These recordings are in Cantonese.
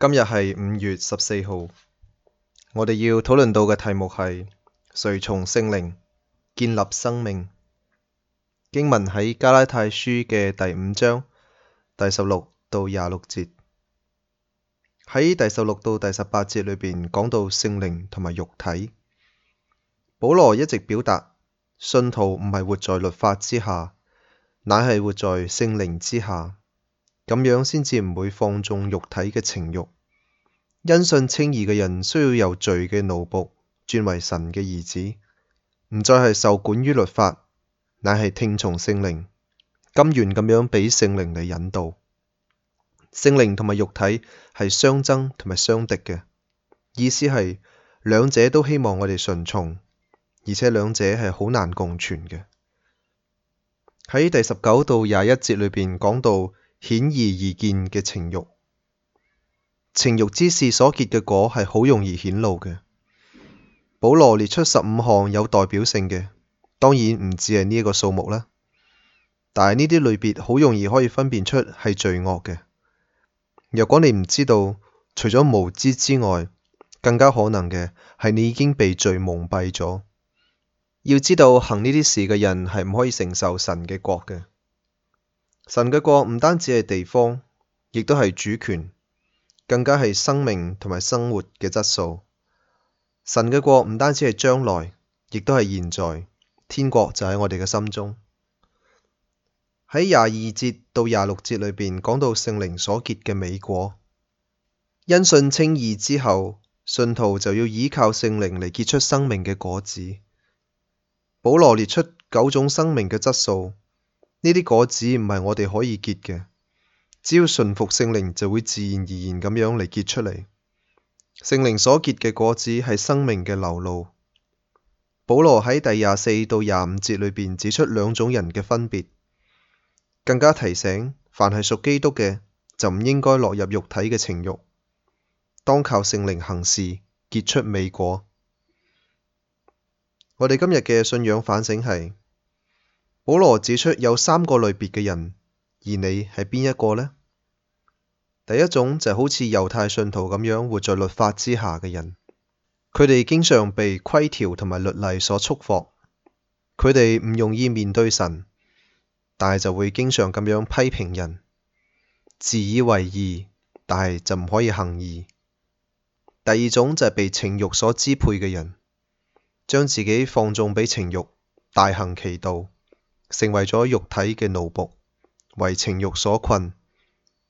今日係五月十四號，我哋要討論到嘅題目係隨從聖靈建立生命。經文喺加拉太書嘅第五章第十六到廿六節，喺第十六到第十八節裏邊講到聖靈同埋肉體。保羅一直表達，信徒唔係活在律法之下，乃係活在聖靈之下。咁樣先至唔會放縱肉體嘅情慾，因信稱義嘅人需要由罪嘅奴僕轉為神嘅兒子，唔再係受管於律法，乃係聽從聖靈，甘願咁樣俾聖靈嚟引導。聖靈同埋肉體係相爭同埋相敵嘅，意思係兩者都希望我哋順從，而且兩者係好難共存嘅。喺第十九到廿一節裏邊講到。顯而易見嘅情欲，情欲之事所結嘅果係好容易顯露嘅。保羅列出十五項有代表性嘅，當然唔止係呢一個數目啦。但係呢啲類別好容易可以分辨出係罪惡嘅。若果你唔知道，除咗無知之外，更加可能嘅係你已經被罪蒙蔽咗。要知道行呢啲事嘅人係唔可以承受神嘅國嘅。神嘅國唔單止係地方，亦都係主權，更加係生命同埋生活嘅質素。神嘅國唔單止係將來，亦都係現在。天國就喺我哋嘅心中。喺廿二節到廿六節裏邊講到聖靈所結嘅美果。因信稱義之後，信徒就要依靠聖靈嚟，結出生命嘅果子。保羅列出九種生命嘅質素。呢啲果子唔係我哋可以結嘅，只要順服聖靈，就會自然而然咁樣嚟，結出嚟。聖靈所結嘅果子係生命嘅流露。保羅喺第廿四到廿五節裏邊指出兩種人嘅分別，更加提醒凡係屬基督嘅就唔應該落入肉體嘅情慾，當靠聖靈行事，結出美果。我哋今日嘅信仰反省係。保羅指出有三個類別嘅人，而你係邊一個呢？第一種就好似猶太信徒咁樣活在律法之下嘅人，佢哋經常被規條同埋律例所束縛，佢哋唔容易面對神，但係就會經常咁樣批評人，自以為義，但係就唔可以行義。第二種就係被情欲所支配嘅人，將自己放縱俾情欲，大行其道。成為咗肉體嘅奴僕，為情欲所困，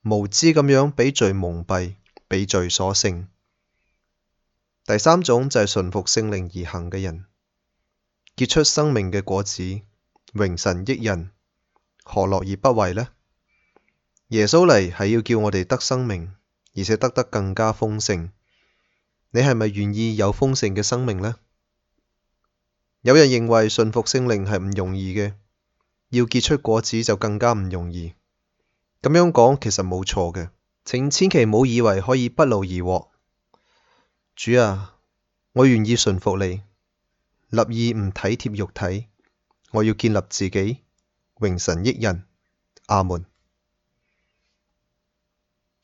無知咁樣俾罪蒙蔽，俾罪所勝。第三種就係順服聖靈而行嘅人，結出生命嘅果子，榮神益人，何樂而不為呢？耶穌嚟係要叫我哋得生命，而且得得更加豐盛。你係咪願意有豐盛嘅生命呢？有人認為順服聖靈係唔容易嘅。要結出果子就更加唔容易。咁樣講其實冇錯嘅，請千祈唔好以為可以不勞而獲。主啊，我願意順服你，立意唔體貼肉體，我要建立自己，榮神益人。阿門。